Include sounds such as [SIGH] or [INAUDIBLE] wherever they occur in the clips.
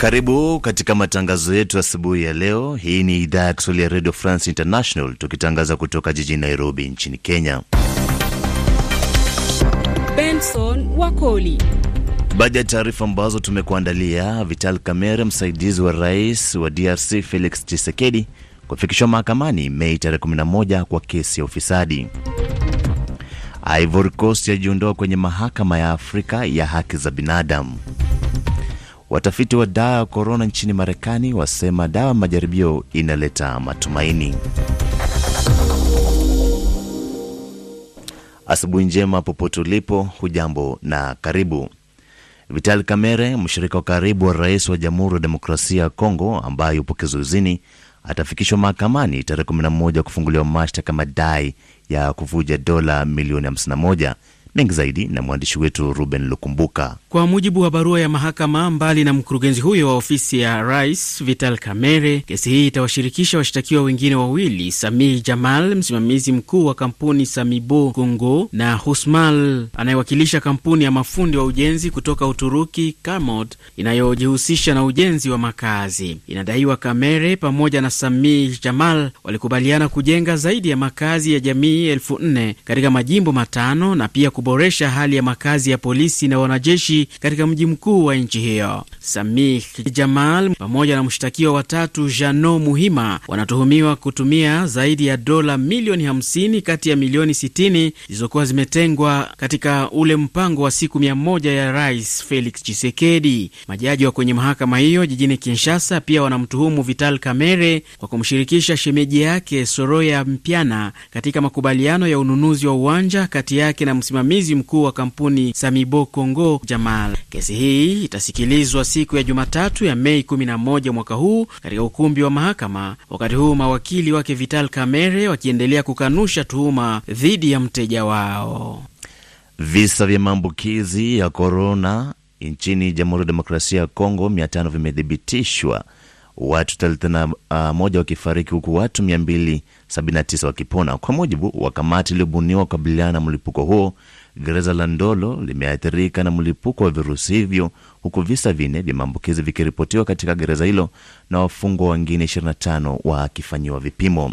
Karibu katika matangazo yetu asubuhi ya leo. Hii ni idhaa ya Kiswahili ya Radio France International, tukitangaza kutoka jijini Nairobi nchini Kenya. Benson Wakoli. Baadhi ya taarifa ambazo tumekuandalia: Vital Kamerhe, msaidizi wa rais wa DRC Felix Tshisekedi, kufikishwa mahakamani Mei tarehe 11 kwa kesi ya ufisadi. Ivory Coast yajiondoa kwenye mahakama ya Afrika ya haki za binadamu. Watafiti wa dawa ya korona nchini Marekani wasema dawa majaribio inaleta matumaini. Asubuhi njema popote ulipo, hujambo na karibu. Vital Kamerhe, mshirika wa karibu wa rais wa Jamhuri ya Demokrasia ya Kongo ambaye yupo kizuizini, atafikishwa mahakamani tarehe 11 kufunguliwa mashtaka madai ya kuvuja dola milioni 51 Mengi zaidi na mwandishi wetu Ruben Lukumbuka. Kwa mujibu wa barua ya mahakama, mbali na mkurugenzi huyo wa ofisi ya rais Vital Kamerhe, kesi hii itawashirikisha washtakiwa wengine wawili, Samih Jamal, msimamizi mkuu wa kampuni Samibo Kongo, na Husmal anayewakilisha kampuni ya mafundi wa ujenzi kutoka Uturuki Kamot inayojihusisha na ujenzi wa makazi. Inadaiwa Kamerhe pamoja na Samih Jamal walikubaliana kujenga zaidi ya makazi ya jamii elfu nne katika majimbo matano na pia kuboresha hali ya makazi ya polisi na wanajeshi katika mji mkuu wa nchi hiyo. Samih Jamal pamoja na mshtakiwa watatu Jano Muhima wanatuhumiwa kutumia zaidi ya dola milioni 50 kati ya milioni 60 zilizokuwa zimetengwa katika ule mpango wa siku 1 ya Rais Felix chisekedi Majaji wa kwenye mahakama hiyo jijini Kinshasa pia wanamtuhumu Vital Kamerhe kwa kumshirikisha shemeji yake Soroya Mpiana katika makubaliano ya ununuzi wa uwanja kati yake na msimamizi msimamizi mkuu wa kampuni Samibo Kongo Jamal. Kesi hii itasikilizwa siku ya Jumatatu ya Mei 11 mwaka huu katika ukumbi wa mahakama, wakati huu mawakili wake Vital Kamerhe wakiendelea kukanusha tuhuma dhidi ya mteja wao. Visa vya maambukizi ya korona nchini Jamhuri ya Demokrasia ya Kongo 500 vimethibitishwa, watu 31 wakifariki huku watu 279 wakipona, kwa mujibu wa kamati iliyobuniwa kukabiliana na mlipuko huo Gereza la Ndolo limeathirika na mlipuko wa virusi hivyo huku visa vinne vya maambukizi vikiripotiwa katika gereza hilo na wafungwa wengine 25 wakifanyiwa vipimo.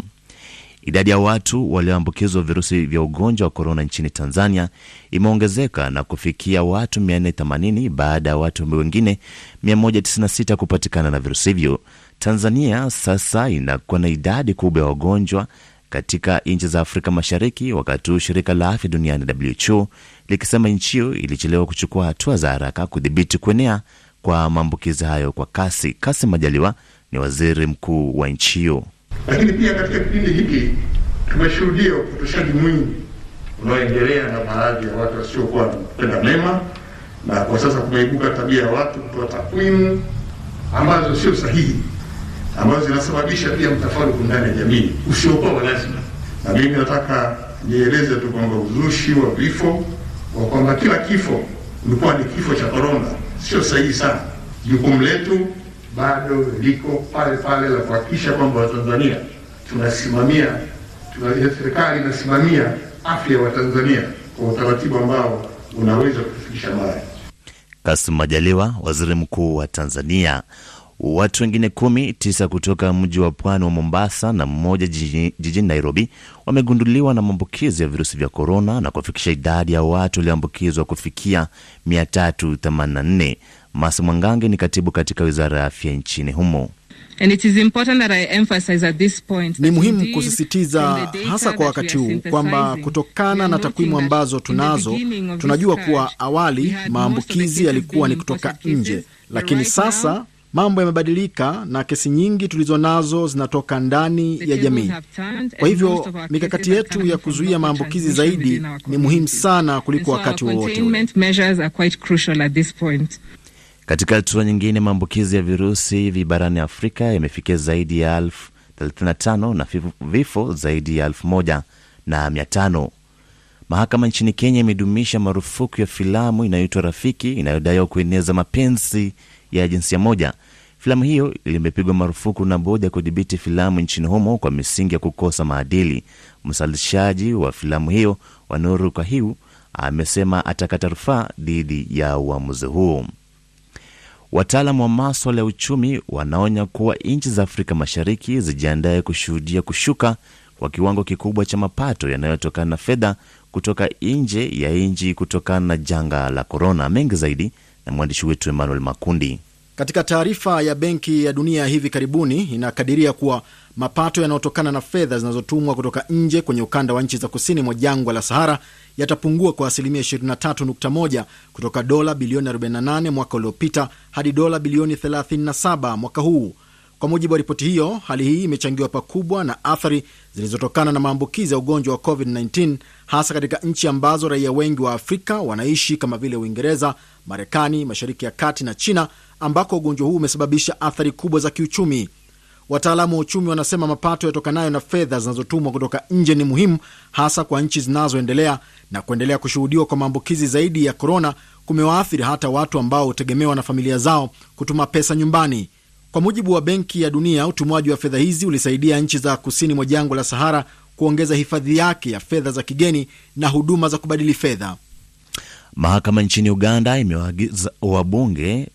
Idadi ya watu walioambukizwa virusi vya ugonjwa wa korona nchini Tanzania imeongezeka na kufikia watu 480 baada ya watu wengine 196 kupatikana na virusi hivyo. Tanzania sasa inakuwa na idadi kubwa ya wagonjwa katika nchi za Afrika Mashariki, wakati huu shirika la afya duniani WHO likisema nchi hiyo ilichelewa kuchukua hatua za haraka kudhibiti kuenea kwa maambukizi hayo kwa kasi. kasim Majaliwa ni waziri mkuu wa nchi hiyo. Lakini pia katika kipindi hiki tumeshuhudia upotoshaji mwingi unaoendelea na baadhi ya watu wasiokuwa wanapenda mema, na kwa sasa kumeibuka tabia ya watu kutoa takwimu ambazo sio sahihi ambazo zinasababisha pia mtafaruku ndani ya jamii usiokuwa wa lazima. Na mimi nataka nieleze tu kwamba uzushi wa vifo wa kwamba kila kifo ulikuwa ni kifo cha korona sio sahihi sana. Jukumu letu bado liko pale pale la kuhakikisha kwamba Watanzania tunasimamia tuna, serikali inasimamia afya ya Watanzania kwa utaratibu ambao unaweza kufikisha mbali. Kasim Majaliwa, waziri mkuu wa Tanzania watu wengine kumi, tisa kutoka mji wa pwani wa Mombasa na mmoja jijini Nairobi wamegunduliwa na maambukizi ya virusi vya korona na kufikisha idadi ya watu walioambukizwa kufikia 384. Masi Mwangange ni katibu katika wizara ya afya nchini humo. And it is important that I emphasize at this point, ni muhimu kusisitiza hasa kwa wakati huu kwamba kutokana na takwimu ambazo tunazo tunajua kuwa awali maambukizi yalikuwa ni kutoka nje, lakini right sasa now, Mambo yamebadilika na kesi nyingi tulizo nazo zinatoka ndani ya jamii. Kwa hivyo mikakati yetu ya kuzuia maambukizi zaidi ni muhimu sana kuliko wakati wowote. Katika hatua nyingine, maambukizi ya virusi hivi barani Afrika yamefikia zaidi ya elfu 35 na vifo zaidi ya elfu moja na mia tano. Mahakama nchini Kenya imedumisha marufuku ya filamu inayoitwa Rafiki inayodaiwa kueneza mapenzi ya jinsia moja. Filamu hiyo limepigwa marufuku na bodi ya kudhibiti filamu nchini humo kwa misingi ya kukosa maadili. msalishaji wa filamu hiyo Wanuru Kahiu amesema atakata rufaa dhidi ya uamuzi huo. Wataalamu wa maswala ya uchumi wanaonya kuwa nchi za Afrika Mashariki zijiandaye kushuhudia kushuka kwa kiwango kikubwa cha mapato yanayotokana na fedha kutoka nje ya nchi kutokana na janga la korona. Mengi zaidi na mwandishi wetu Emmanuel Makundi. Katika taarifa ya Benki ya Dunia hivi karibuni inakadiria kuwa mapato yanayotokana na fedha zinazotumwa kutoka nje kwenye ukanda wa nchi za kusini mwa jangwa la Sahara yatapungua kwa asilimia 23.1 kutoka dola bilioni 48 mwaka uliopita hadi dola bilioni 37 mwaka huu. Kwa mujibu wa ripoti hiyo, hali hii imechangiwa pakubwa na athari zilizotokana na maambukizi ya ugonjwa wa COVID-19 hasa katika nchi ambazo raia wengi wa Afrika wanaishi kama vile Uingereza, Marekani, Mashariki ya Kati na China, ambako ugonjwa huu umesababisha athari kubwa za kiuchumi. Wataalamu wa uchumi wanasema mapato yatokanayo na fedha zinazotumwa kutoka nje ni muhimu hasa kwa nchi zinazoendelea, na kuendelea kushuhudiwa kwa maambukizi zaidi ya korona kumewaathiri hata watu ambao hutegemewa na familia zao kutuma pesa nyumbani. Kwa mujibu wa Benki ya Dunia, utumwaji wa fedha hizi ulisaidia nchi za kusini mwa jangwa la Sahara kuongeza hifadhi yake ya fedha za kigeni na huduma za kubadili fedha. Mahakama nchini Uganda imewaagiza wabunge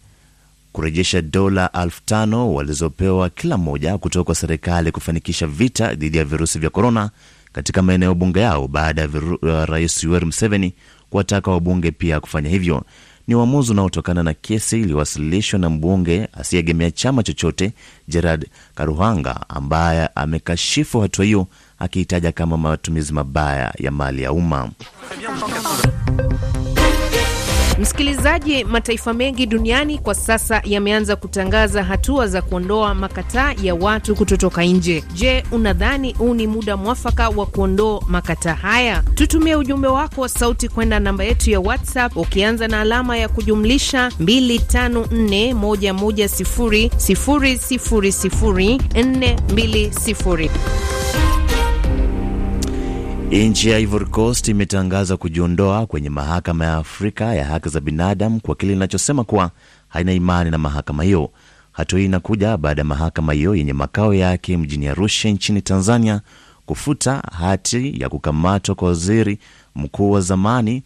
kurejesha dola elfu tano walizopewa kila mmoja kutoka kwa serikali kufanikisha vita dhidi ya virusi vya korona katika maeneo bunge yao baada ya Rais Yoweri Museveni kuwataka wabunge pia kufanya hivyo ni uamuzi unaotokana na kesi iliyowasilishwa na mbunge asiyeegemea chama chochote Gerard Karuhanga, ambaye amekashifu hatua hiyo akihitaja kama matumizi mabaya ya mali ya umma. Msikilizaji, mataifa mengi duniani kwa sasa yameanza kutangaza hatua za kuondoa makataa ya watu kutotoka nje. Je, unadhani huu ni muda mwafaka wa kuondoa makataa haya? Tutumie ujumbe wako wa sauti kwenda namba yetu ya WhatsApp ukianza na alama ya kujumlisha 254110000420. Nchi ya Ivory Coast imetangaza kujiondoa kwenye mahakama ya Afrika ya haki za binadamu kwa kile inachosema kuwa haina imani na mahakama hiyo. Hatua hii inakuja baada ya mahakama hiyo yenye makao yake mjini Arusha nchini Tanzania kufuta hati ya kukamatwa kwa waziri mkuu wa zamani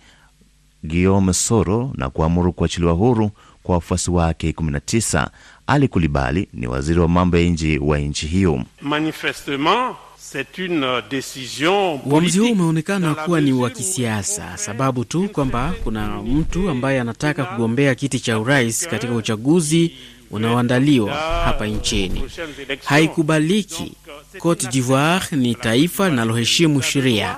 Guillaume Soro na kuamuru kuachiliwa huru kwa wafuasi wake 19. Ali Kulibali ni waziri wa mambo ya nje wa nchi hiyo. Manifestement Euh, Uamuzi huu umeonekana kuwa ni wa kisiasa, sababu tu kwamba kuna mtu ambaye anataka kugombea kiti cha urais katika uchaguzi unaoandaliwa hapa nchini. Haikubaliki. Euh, Cote d'Ivoire ni taifa linaloheshimu sheria.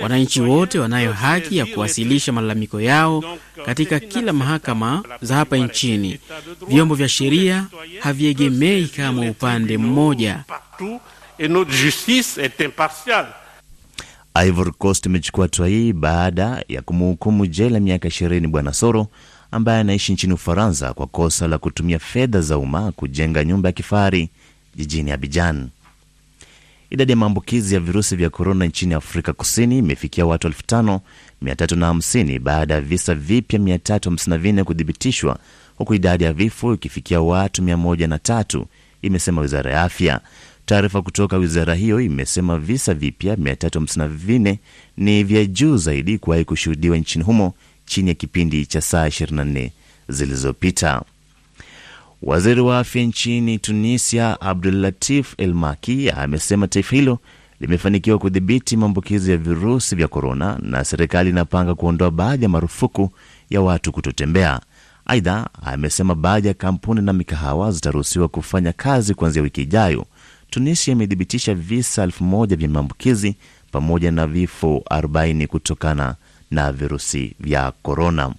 Wananchi wote wanayo haki ya kuwasilisha malalamiko yao euh, katika kila mahakama za hapa nchini. Vyombo vya sheria haviegemei kama upande mmoja et notre justice est impartiale. Ivory Coast imechukua hatua hii baada ya kumhukumu jela miaka 20 Bwana Soro ambaye anaishi nchini Ufaransa kwa kosa la kutumia fedha za umma kujenga nyumba ya kifahari jijini Abidjan. Idadi ya maambukizi ya virusi vya korona nchini Afrika Kusini imefikia watu 5350 baada ya visa vipya 354 kudhibitishwa huku idadi ya vifo ikifikia watu 103, imesema wizara ya afya. Taarifa kutoka wizara hiyo imesema visa vipya 354 ni vya juu zaidi kuwahi kushuhudiwa nchini humo chini ya kipindi cha saa 24 zilizopita. Waziri wa afya nchini Tunisia, Abdulatif El Maki, amesema taifa hilo limefanikiwa kudhibiti maambukizi ya virusi vya korona na serikali inapanga kuondoa baadhi ya marufuku ya watu kutotembea. Aidha, amesema baadhi ya kampuni na mikahawa zitaruhusiwa kufanya kazi kuanzia wiki ijayo Tunisia imethibitisha visa 1 vya maambukizi pamoja na vifo 40 kutokana na virusi vya korona.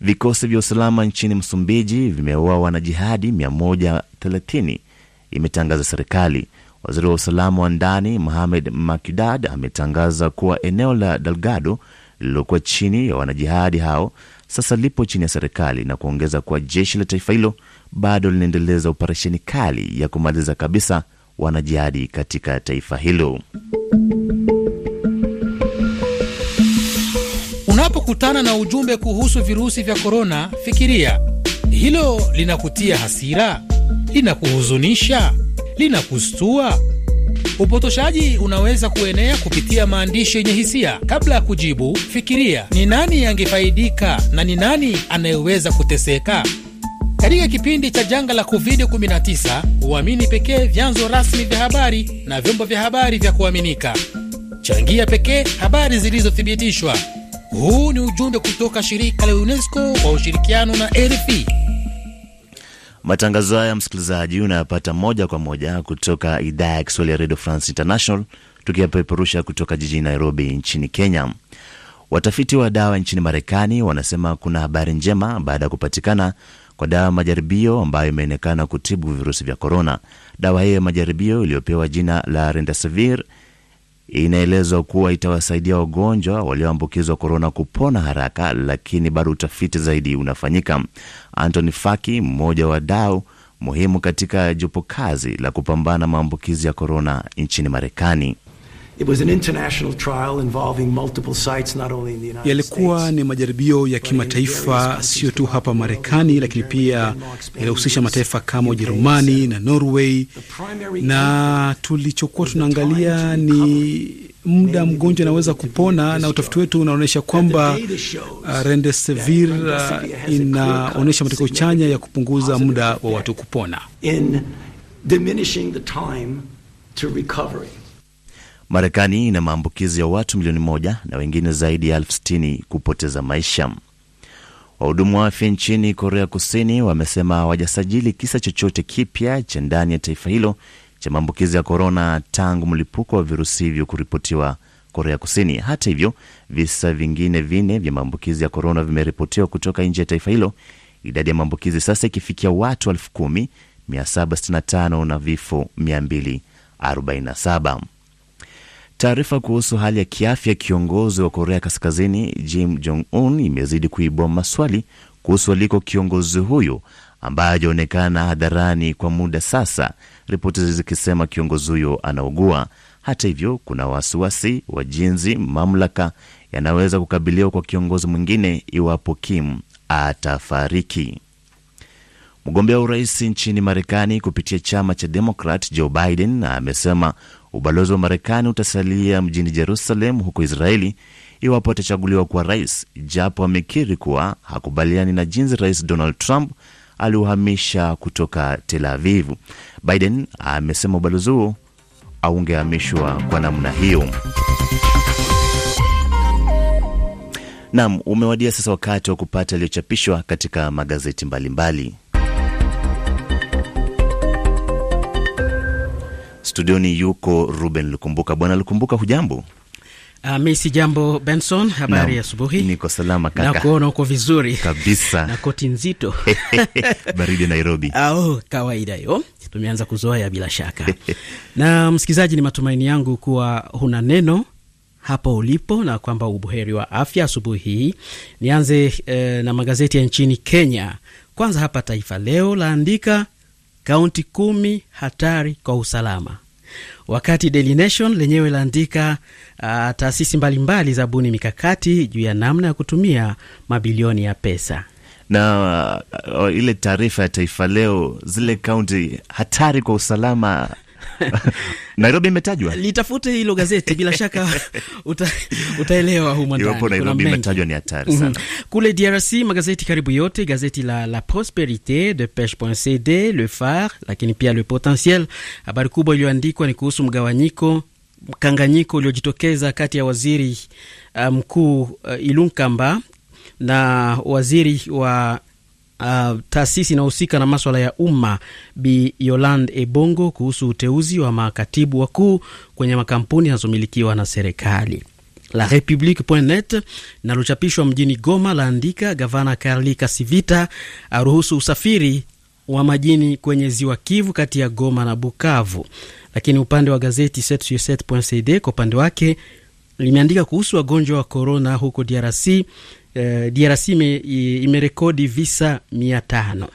Vikosi vya usalama nchini Msumbiji vimeua wanajihadi 130, imetangaza serikali. Waziri wa usalama wa ndani Mohamed Makidad ametangaza kuwa eneo la dalgado lililokuwa chini ya wanajihadi hao sasa lipo chini ya serikali na kuongeza kuwa jeshi la taifa hilo bado linaendeleza operesheni kali ya kumaliza kabisa wanajihadi katika taifa hilo. Unapokutana na ujumbe kuhusu virusi vya korona, fikiria hilo linakutia hasira, linakuhuzunisha, linakustua. Upotoshaji unaweza kuenea kupitia maandishi yenye hisia. Kabla ya kujibu, fikiria ni nani angefaidika na ni nani anayeweza kuteseka. Katika kipindi cha janga la COVID-19, uamini pekee vyanzo rasmi vya habari na vyombo vya habari vya kuaminika. Changia pekee habari zilizothibitishwa. Huu ni ujumbe kutoka shirika la UNESCO kwa ushirikiano na RFI. Matangazo haya msikilizaji, unayapata moja kwa moja kutoka idhaa ya Kiswahili ya Radio France International, tukiyapeperusha kutoka jijini Nairobi nchini Kenya. Watafiti wa dawa nchini Marekani wanasema kuna habari njema baada ya kupatikana kwa dawa ya majaribio ambayo imeonekana kutibu virusi vya korona. Dawa hiyo ya majaribio iliyopewa jina la Rendesivir inaelezwa kuwa itawasaidia wagonjwa walioambukizwa korona kupona haraka, lakini bado utafiti zaidi unafanyika. Anthony Faki, mmoja wa wadau muhimu katika jopo kazi la kupambana maambukizi ya korona nchini Marekani. Yalikuwa ni majaribio ya kimataifa, sio tu hapa Marekani, lakini pia yalihusisha mataifa kama Ujerumani na Norway, na tulichokuwa tunaangalia ni muda mgonjwa anaweza kupona, na utafiti wetu unaonyesha kwamba uh, Remdesivir inaonyesha matokeo chanya ya kupunguza muda wa watu kupona. In Marekani ina maambukizi ya watu milioni moja na wengine zaidi ya elfu sitini kupoteza maisha. Wahudumu wa afya nchini Korea Kusini wamesema hawajasajili kisa chochote kipya cha ndani ya taifa hilo cha maambukizi ya korona tangu mlipuko wa virusi hivyo kuripotiwa Korea Kusini. Hata hivyo, visa vingine vinne vya maambukizi ya korona vimeripotiwa kutoka nje ya taifa hilo, idadi ya maambukizi sasa ikifikia watu 1765 na vifo 247. Taarifa kuhusu hali ya kiafya kiongozi wa Korea Kaskazini Jim Jong Un imezidi kuibua maswali kuhusu aliko kiongozi huyo ambaye hajaonekana hadharani kwa muda sasa, ripoti zikisema kiongozi huyo anaugua. Hata hivyo, kuna wasiwasi wa jinsi mamlaka yanaweza kukabiliwa kwa kiongozi mwingine iwapo Kim atafariki. Mgombea wa urais nchini Marekani kupitia chama cha Demokrat Joe Biden amesema Ubalozi wa Marekani utasalia mjini Jerusalem huko Israeli iwapo atachaguliwa kuwa rais, japo amekiri kuwa hakubaliani na jinsi Rais Donald Trump aliuhamisha kutoka Tel Avivu. Biden amesema ubalozi huo aungehamishwa kwa namna hiyo. Naam, umewadia sasa wakati wa kupata yaliyochapishwa katika magazeti mbalimbali mbali. Studioni yuko Ruben Lukumbuka. Bwana Lukumbuka, hujambo? Uh, ah, mi si jambo Benson, habari ya asubuhi. Niko salama kaka, nakuona uko vizuri kabisa na koti nzito [LAUGHS] [LAUGHS] baridi Nairobi. Au ah, oh, kawaida yo, tumeanza kuzoea bila shaka [LAUGHS] na msikilizaji, ni matumaini yangu kuwa huna neno hapo ulipo na kwamba ubuheri wa afya asubuhi hii. Nianze eh, na magazeti ya nchini Kenya. Kwanza hapa Taifa Leo laandika kaunti kumi hatari kwa usalama, wakati Daily Nation lenyewe laandika uh, taasisi mbalimbali za buni mikakati juu ya namna ya kutumia mabilioni ya pesa na uh, ile taarifa ya Taifa Leo, zile kaunti hatari kwa usalama [LAUGHS] Nairobi imetajwa, litafute hilo gazeti bila shaka [LAUGHS] uta, utaelewa humo ndani. Iwapo Nairobi imetajwa ni hatari sana. mm [LAUGHS] -hmm. Kule DRC magazeti karibu yote, gazeti la La Prosperite, Depeche.cd, Le Phare, lakini pia Le Potentiel. Habari kubwa iliyoandikwa ni kuhusu mgawanyiko mkanganyiko uliojitokeza kati ya waziri uh, mkuu um, uh, Ilunkamba na waziri wa uh, taasisi inayohusika na maswala ya umma Bi yoland Ebongo kuhusu uteuzi wa makatibu wakuu kwenye makampuni yanazomilikiwa na serikali. La Republique.net linalochapishwa mjini Goma laandika gavana Karli Kasivita aruhusu usafiri wa majini kwenye ziwa Kivu kati ya Goma na Bukavu. Lakini upande wa gazeti 7sur7.cd kwa upande wake limeandika kuhusu wagonjwa wa korona huko DRC Eh, DRC imerekodi visa mia tano.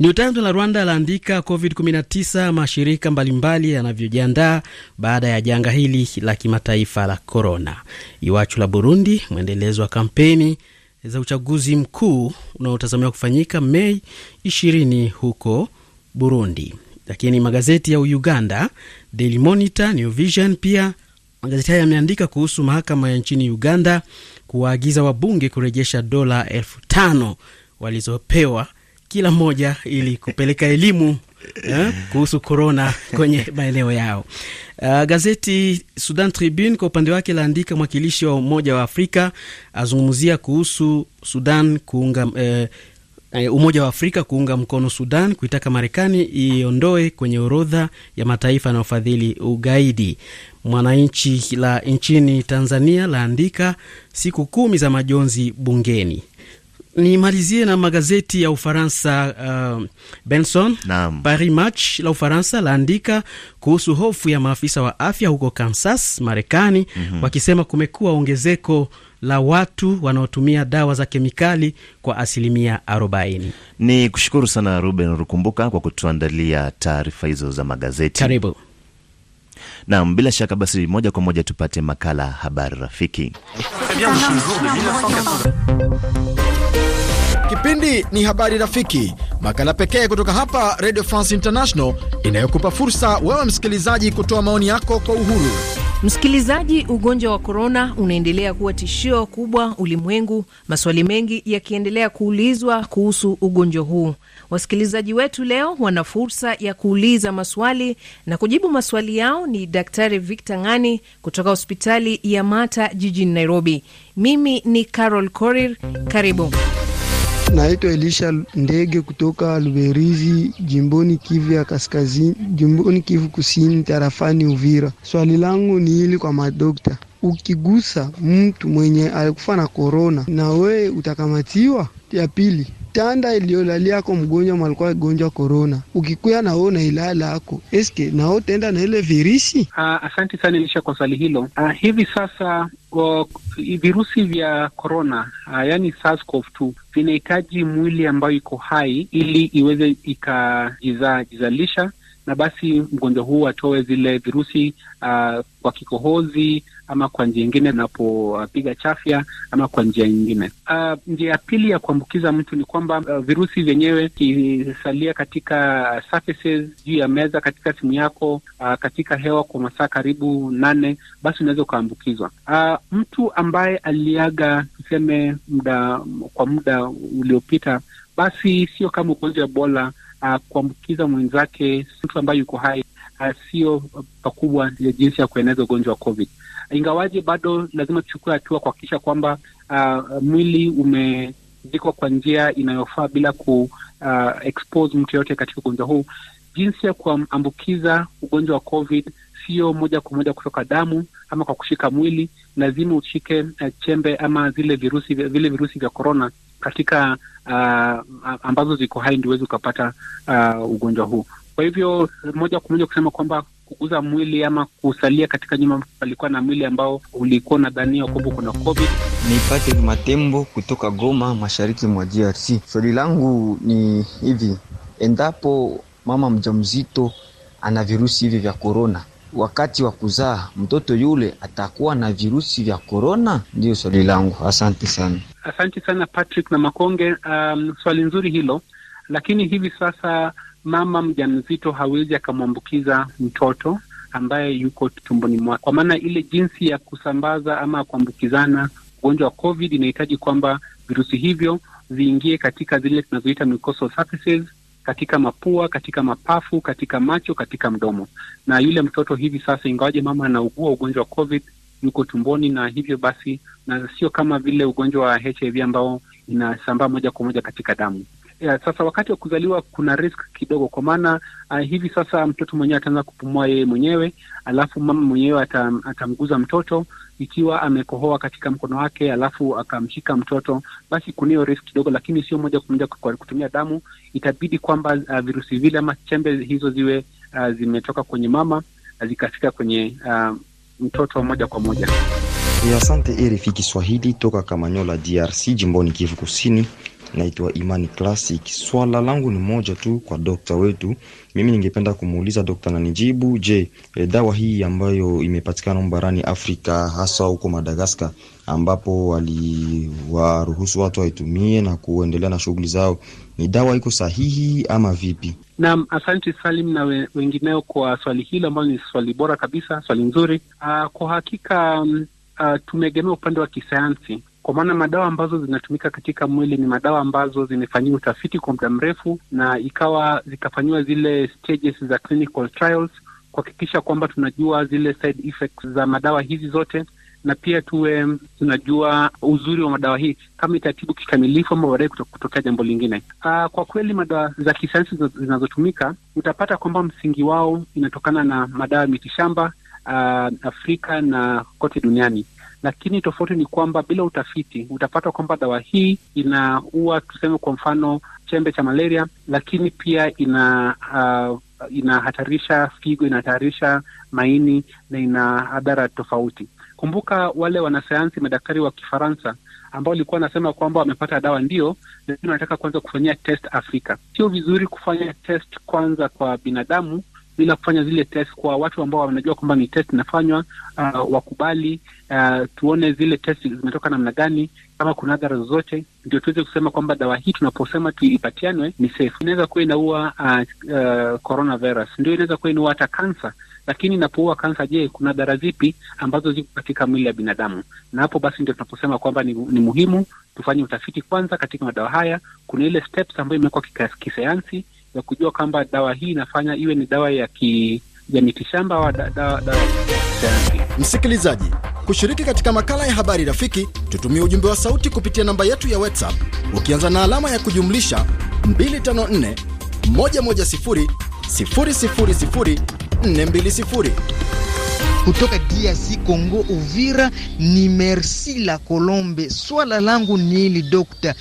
New Times la Rwanda laandika COVID-19, mashirika mbalimbali yanavyojiandaa baada ya janga hili la kimataifa la corona. Iwachu la Burundi, mwendelezo wa kampeni za uchaguzi mkuu unaotazamiwa kufanyika Mei 20 huko Burundi. Lakini magazeti ya Uganda, Daily Monitor, New Vision pia Magazeti haya yameandika kuhusu mahakama ya nchini Uganda kuwaagiza wabunge kurejesha dola elfu tano walizopewa kila moja ili kupeleka elimu eh, kuhusu korona kwenye [LAUGHS] maeneo yao. Uh, gazeti Sudan Tribune kwa upande wake laandika mwakilishi wa Umoja wa Afrika azungumzia kuhusu Sudan kuunga eh, eh Umoja wa Afrika kuunga mkono Sudan kuitaka Marekani iondoe kwenye orodha ya mataifa yanayofadhili ugaidi. Mwananchi la nchini Tanzania laandika siku kumi za majonzi bungeni. Nimalizie na magazeti ya Ufaransa. Uh, Benson, Paris Match la Ufaransa laandika kuhusu hofu ya maafisa wa afya huko Kansas, Marekani, mm -hmm. wakisema kumekuwa ongezeko la watu wanaotumia dawa za kemikali kwa asilimia 40. Ni kushukuru sana Ruben Rukumbuka kwa kutuandalia taarifa hizo za magazeti. Karibu. Naam, bila shaka basi, moja kwa moja tupate makala habari rafiki. Kipindi ni habari rafiki, makala pekee kutoka hapa Radio France International inayokupa fursa wewe msikilizaji kutoa maoni yako kwa uhuru. Msikilizaji, ugonjwa wa korona unaendelea kuwa tishio kubwa ulimwengu, maswali mengi yakiendelea kuulizwa kuhusu ugonjwa huu. Wasikilizaji wetu leo wana fursa ya kuuliza maswali na kujibu maswali yao ni Daktari Victor Ng'ani kutoka hospitali ya Mata jijini Nairobi. Mimi ni Carol Korir, karibu. Naitwa Elisha Ndege kutoka Luberizi, jimboni Kivu ya Kaskazini, jimboni Kivu Kusini, tarafani Uvira. Swali langu ni hili kwa madokta, ukigusa mtu mwenye alikufa na korona, na we utakamatiwa? Ya pili tanda iliyolalia ako mgonjwa malikuwa gonjwa korona, ukikuya na wewe unailala ako eske na wewe utaenda na ile virisi. Ah, asante sana Elisha kwa swali hilo. Ah, hivi sasa o, virusi vya korona ah, yani SARS-CoV-2 vinahitaji mwili ambayo iko hai ili iweze ikajizalisha na basi mgonjwa huu atoe zile virusi uh, kwa kikohozi ama kwa njia ingine anapopiga chafya ama kwa njia nyingine. Uh, njia ya pili ya kuambukiza mtu ni kwamba uh, virusi vyenyewe kisalia katika surfaces, juu ya meza, katika simu yako, uh, katika hewa kwa masaa karibu nane, basi unaweza ukaambukizwa. Uh, mtu ambaye aliaga tuseme muda kwa muda uliopita, basi sio kama ugonjwa wa Ebola uh, kuambukiza mwenzake mtu ambaye yuko hai ah, sio pakubwa ya jinsi ya kueneza ugonjwa wa COVID. Ingawaje bado lazima tuchukue hatua kuhakikisha kwamba uh, mwili umezikwa kwa njia inayofaa bila ku uh, expose mtu yoyote katika ugonjwa huu. Jinsi ya kuambukiza ugonjwa wa COVID sio moja kwa moja kutoka damu ama kwa kushika mwili, lazima ushike uh, chembe ama zile virusi, vile virusi vya korona katika uh, ambazo ziko hai ndio uweze ukapata uh, ugonjwa huu. Kwa hivyo moja kwa moja kusema kwamba kuguza mwili ama kusalia katika nyuma palikuwa na mwili ambao ulikuwa dhania kwamba kuna COVID. Ni Patrick Matembo kutoka Goma, mashariki mwa DRC. Swali langu ni hivi, endapo mama mjamzito ana virusi hivi vya korona wakati wa kuzaa mtoto yule atakuwa na virusi vya korona? Ndiyo swali langu. Asante sana, asante sana Patrick na Makonge. Um, swali nzuri hilo, lakini hivi sasa mama mjamzito hawezi akamwambukiza mtoto ambaye yuko tumboni mwake, kwa maana ile jinsi ya kusambaza ama kuambukizana ugonjwa wa COVID inahitaji kwamba virusi hivyo viingie katika zile tunazoita mucosal surfaces katika mapua, katika mapafu, katika macho, katika mdomo. Na yule mtoto hivi sasa, ingawaje mama anaugua ugonjwa wa COVID, yuko tumboni, na hivyo basi, na sio kama vile ugonjwa wa HIV ambao inasambaa moja kwa moja katika damu ya, sasa wakati wa kuzaliwa kuna risk kidogo, kwa maana uh, hivi sasa mtoto mwenyewe ataanza kupumua yeye mwenyewe, alafu mama mwenyewe atam, atamguza mtoto ikiwa amekohoa katika mkono wake, alafu akamshika mtoto, basi kuna hiyo risk kidogo, lakini sio moja kwa moja kwa kutumia damu. Itabidi kwamba uh, virusi vile ama chembe hizo ziwe uh, zimetoka kwenye mama zikafika kwenye uh, mtoto moja kwa moja. Asante RFI Kiswahili toka Kamanyola, DRC, jimboni Kivu Kusini naitwa Imani Classic. Swala langu ni moja tu kwa dokta wetu. Mimi ningependa kumuuliza dokta na nijibu, je, e, dawa hii ambayo imepatikana barani Afrika hasa huko Madagaskar ambapo waliwaruhusu watu waitumie na kuendelea na shughuli zao, ni dawa iko sahihi ama vipi? Naam, asante Salim na we, wengineo kwa swali hilo ambalo ni swali bora kabisa, swali nzuri. Uh, kwa hakika um, uh, tumeegemea upande wa kisayansi kwa maana madawa ambazo zinatumika katika mwili ni madawa ambazo zimefanyiwa utafiti kwa muda mrefu na ikawa zikafanyiwa zile stages za clinical trials kuhakikisha kwamba tunajua zile side effects za madawa hizi zote na pia tuwe tunajua uzuri wa madawa hii kama itatibu kikamilifu ama baadaye kutokea jambo lingine. Aa, ah, kwa kweli madawa za kisayansi zinazotumika utapata kwamba msingi wao inatokana na madawa ya mitishamba ah, Afrika na kote duniani lakini tofauti ni kwamba bila utafiti utapata kwamba dawa hii inaua, tuseme kwa mfano chembe cha malaria, lakini pia ina uh, inahatarisha figo, inahatarisha maini na ina hadhara tofauti. Kumbuka wale wanasayansi madaktari wa Kifaransa ambao walikuwa wanasema kwamba wamepata dawa ndio, lakini wanataka kwanza kufanyia test Afrika. Sio vizuri kufanya test kwanza kwa binadamu bila kufanya zile test kwa watu ambao wanajua kwamba ni test inafanywa, uh, wakubali uh, tuone zile test zimetoka namna gani, kama kuna adhara zozote, ndio tuweze kusema kwamba dawa hii tunaposema tuipatianwe ni safe. Inaweza kuwa inaua uh, uh, coronavirus, ndio inaweza kuwa inaua hata kansa lakini inapoua kansa, je, kuna dhara zipi ambazo ziko katika mwili ya binadamu? Na hapo basi ndio tunaposema kwamba ni, ni muhimu tufanye utafiti kwanza katika madawa haya. Kuna ile steps ambayo imekuwa kisayansi ya kujua kwamba dawa hii inafanya iwe ni dawa ya ki ya mitishamba au dawa dawa da, da. Msikilizaji, kushiriki katika makala ya habari rafiki, tutumie ujumbe wa sauti kupitia namba yetu ya WhatsApp ukianza na alama ya kujumlisha 254 110 000 420 kutoka DRC Congo, Uvira. Ni Merci la Kolombe. Swala langu ni hili dokta,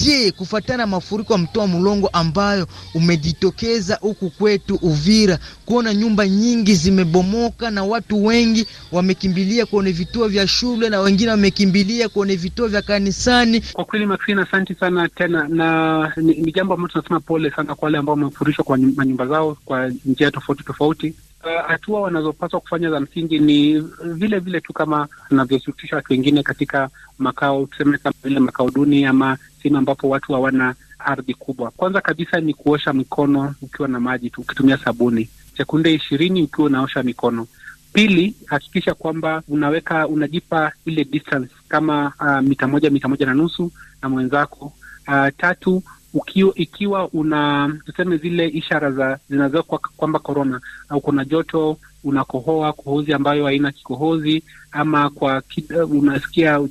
je, kufatana mafuriko ya mtoa mlongo ambayo umejitokeza huku kwetu Uvira, kuona nyumba nyingi zimebomoka na watu wengi wamekimbilia kwenye vituo vya shule na wengine wamekimbilia kwenye vituo vya kanisani. Kwa kweli, Maxine, asante sana tena, na ni jambo ambalo tunasema pole sana kwa wale ambao wamefurishwa kwa nyumba zao kwa njia tofauti tofauti Eh, hatua uh, wanazopaswa kufanya za msingi ni vile vile tu kama wanavyosutisha watu wengine katika makao, tuseme kama vile makao duni ama sehemu ambapo watu hawana ardhi kubwa. Kwanza kabisa ni kuosha mikono ukiwa na maji tu, ukitumia sabuni sekunde ishirini ukiwa unaosha mikono. Pili, hakikisha kwamba unaweka unajipa ile distance kama uh, mita moja mita moja na nusu na mwenzako. Uh, tatu ukiwa, ikiwa una tuseme zile ishara za zinazowekwa kwamba korona au kuna joto, unakohoa kohozi ambayo haina kikohozi ama kwa unasikia uh,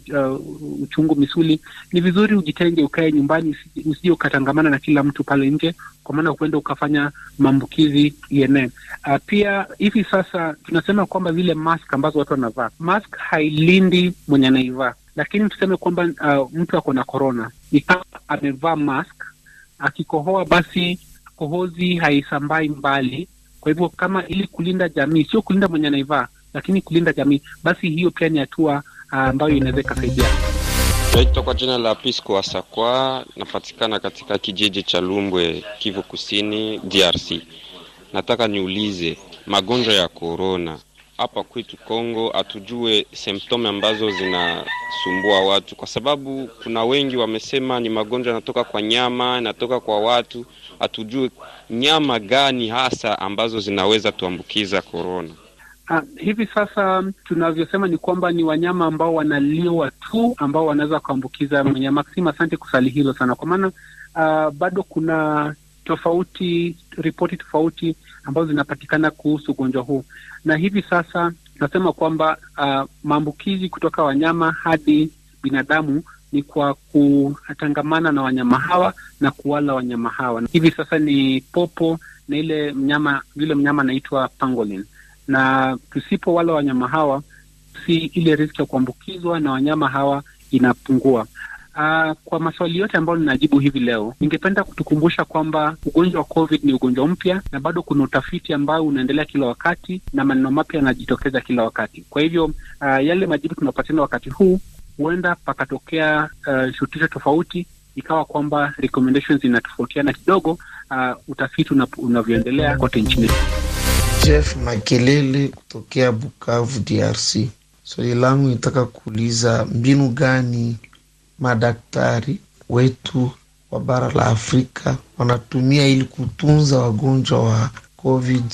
uchungu misuli, ni vizuri ujitenge, ukae nyumbani, usije ukatangamana na kila mtu pale nje, kwa maana huenda ukafanya maambukizi yene Uh, pia hivi sasa tunasema kwamba zile mask ambazo watu wanavaa, mask hailindi mwenye anaivaa, lakini tuseme kwamba uh, mtu ako na korona amevaa mask, akikohoa basi kohozi haisambai mbali. Kwa hivyo kama ili kulinda jamii, sio kulinda mwenye anaivaa, lakini kulinda jamii, basi hiyo pia ni hatua ah, ambayo uh, inaweza ikasaidia. Naitwa kwa jina la Pisco asakwa napatikana katika kijiji cha Lumbwe, Kivu Kusini, DRC. Nataka niulize magonjwa ya korona hapa kwetu Kongo hatujue simptome ambazo zinasumbua watu, kwa sababu kuna wengi wamesema ni magonjwa yanatoka kwa nyama, yanatoka kwa watu. Hatujue nyama gani hasa ambazo zinaweza tuambukiza korona. Ha, ah, hivi sasa tunavyosema ni kwamba ni wanyama ambao wanaliwa tu ambao wanaweza kuambukiza mwenye Maxima, asante kusali hilo sana, kwa maana ah, bado kuna tofauti, ripoti tofauti ambazo zinapatikana kuhusu ugonjwa huu, na hivi sasa tunasema kwamba uh, maambukizi kutoka wanyama hadi binadamu ni kwa kutangamana na wanyama hawa na kuwala wanyama hawa. Hivi sasa ni popo na ile mnyama yule mnyama anaitwa pangolin, na tusipo wala wanyama hawa, si ile riski ya kuambukizwa na wanyama hawa inapungua. Uh, kwa maswali yote ambayo ninajibu hivi leo, ningependa kutukumbusha kwamba ugonjwa wa COVID ni ugonjwa mpya na bado kuna utafiti ambao unaendelea kila wakati na maneno mapya yanajitokeza kila wakati. Kwa hivyo, uh, yale majibu tunapatiana wakati huu, huenda pakatokea uh, shutisho tofauti, ikawa kwamba recommendations inatofautiana kidogo, uh, utafiti unavyoendelea kote nchini. Jeff Makelele kutokea Bukavu, DRC. Swali so langu nitaka kuuliza mbinu gani madaktari wetu wa bara la Afrika wanatumia ili kutunza wagonjwa wa COVID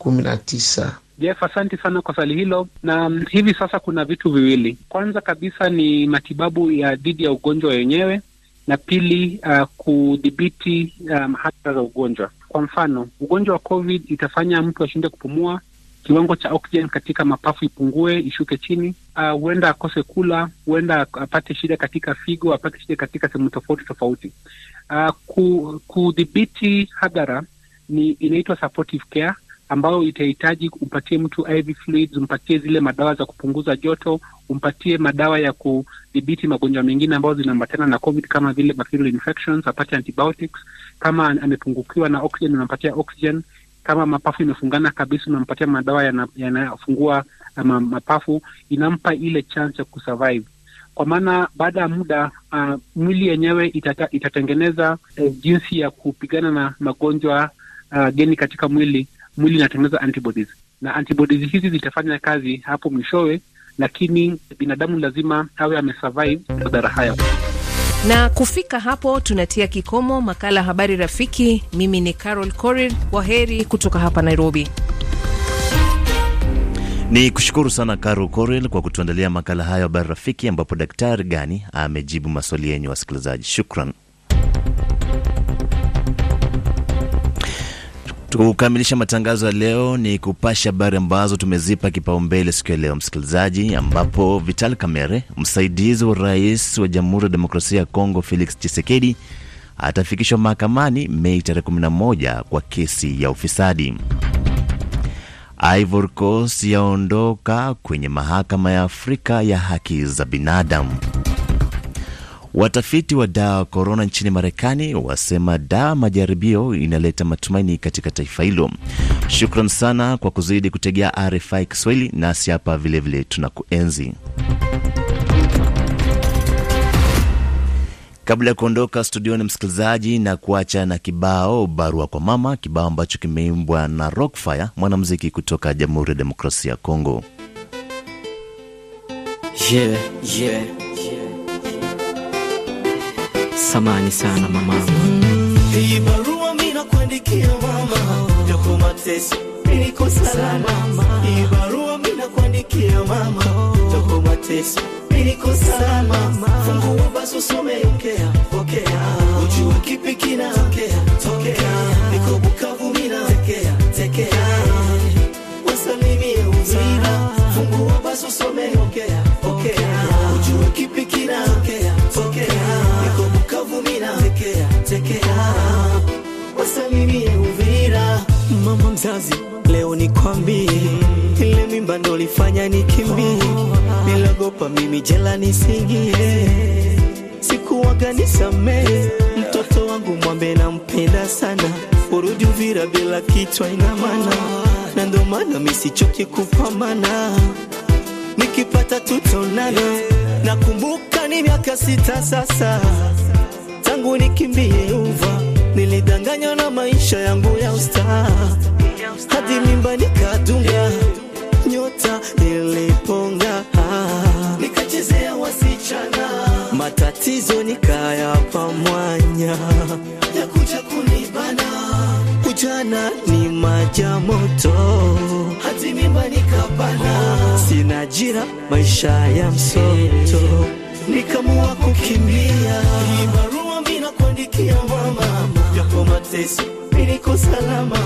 19. na Jeff, asante sana kwa swali hilo. Na mm, hivi sasa kuna vitu viwili. Kwanza kabisa ni matibabu ya dhidi ya ugonjwa wenyewe, na pili uh, kudhibiti um, za ugonjwa. Kwa mfano ugonjwa wa COVID itafanya mtu ashinde kupumua, kiwango cha oksijeni katika mapafu ipungue, ishuke chini, ah, huenda uh, akose kula, huenda apate shida katika figo, apate shida katika sehemu tofauti tofauti. Uh, kudhibiti hadhara ni inaitwa supportive care ambayo itahitaji umpatie mtu IV fluids, umpatie zile madawa za kupunguza joto, umpatie madawa ya kudhibiti magonjwa mengine ambayo zinaambatana na COVID kama vile bacterial infections, apate antibiotics. Kama amepungukiwa na oxygen, unampatia oxygen kama mapafu imefungana kabisa, unampatia madawa yanayofungua yana mapafu, inampa ile chance ya kusurvive kwa maana baada ya muda uh, mwili yenyewe itata, itatengeneza eh, jinsi ya kupigana na magonjwa uh, geni katika mwili. Mwili inatengeneza antibodies na antibodies hizi zitafanya kazi hapo mwishowe, lakini binadamu lazima awe amesurvive madhara haya. Na kufika hapo tunatia kikomo makala habari rafiki. Mimi ni Carol Korir, waheri kutoka hapa Nairobi. Ni kushukuru sana Carol corel kwa kutuandalia makala hayo habari rafiki, ambapo Daktari Gani amejibu maswali yenyu wasikilizaji. Shukran. tukamilisha matangazo ya leo ni kupasha habari ambazo tumezipa kipaumbele siku ya leo, msikilizaji, ambapo Vital Kamerhe, msaidizi wa rais wa Jamhuri ya Demokrasia ya Kongo Felix Tshisekedi, atafikishwa mahakamani Mei tarehe 11 kwa kesi ya ufisadi. Ivory Coast yaondoka kwenye mahakama ya Afrika ya haki za binadamu. Watafiti wa dawa korona nchini Marekani wasema dawa majaribio inaleta matumaini katika taifa hilo. Shukran sana kwa kuzidi kutegea RFI Kiswahili, nasi hapa vilevile tunakuenzi. Kabla ya kuondoka studioni, msikilizaji, na kuacha na kibao barua kwa mama, kibao ambacho kimeimbwa na Rockfire, mwanamuziki kutoka Jamhuri ya Demokrasia ya Kongo. yeah, yeah, yeah samani sana mamangu. Hii barua mimi nakuandikia mama, yako mateso niko salama. Hii barua mimi nakuandikia mama, yako mateso niko salama. fungu basi usome, ukea pokea, ujua kipi kina tokea. tokea Niko Bukavu mimi natekea tekea, wasalimie uzima. fungu basi usome, ukea pokea chekea chekea, wasalimie Uvira. Mama mzazi, leo nikwambie, ile mimba ndo lifanya nikimbie, nilogopa mimi jela nisingie, sikuwaga nisamehe. Mtoto wangu mwambe nampenda sana, urudi Uvira bila kichwa ina maana, na ndo maana misichoki kupambana, nikipata tutonana. Nakumbuka ni miaka sita sasa yangu nikimbie uva, nilidanganywa na maisha yangu ya usta, hadi mimba nikadunga nyota niliponga, nikachezea wasichana, matatizo nikayapa mwanya ya kuja kunibana. Ujana ni maja moto, hadi mimba nikabana, sina maisha ya msoto nikamua kukimbia kuandikia mama, japo mateso niko salama.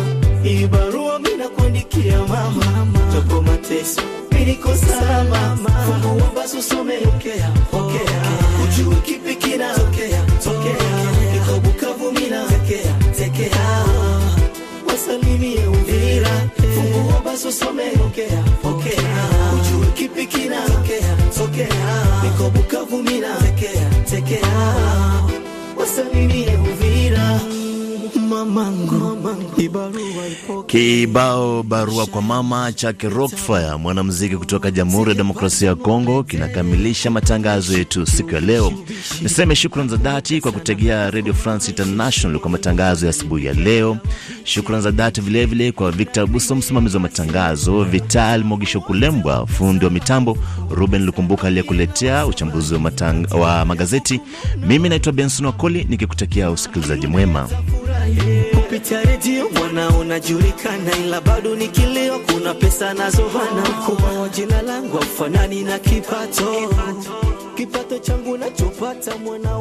Hii barua mimi nakuandikia mama, japo mateso niko salama. Fungua basi usome, okea okea, ujue kipi kina okea okea, Niko Bukavu mimi natekea, tekea, wasalimie Uvira. Fungua basi usome, okea okea, ujue kipi kina okea okea, Niko Bukavu mimi nivie Uvira mamangu Kibao barua kwa mama chake Rockfire, mwanamuziki kutoka Jamhuri ya Demokrasia ya Kongo, kinakamilisha matangazo yetu siku ya leo. Niseme shukran za dhati kwa kutegea Radio France International kwa matangazo ya asubuhi ya leo. Shukran za dhati vilevile kwa Victor Buso, msimamizi wa matangazo, Vital Mogisho Kulembwa, fundi wa mitambo, Ruben Lukumbuka aliyekuletea uchambuzi wa, matang wa magazeti. Mimi naitwa Benson Wakoli nikikutakia usikilizaji mwema kupitia redio Naona unajulikana ila bado ni kilio, kuna pesa nazo hana. Ukubwa jina langu afanani na kipato, kipato changu nachopata mwana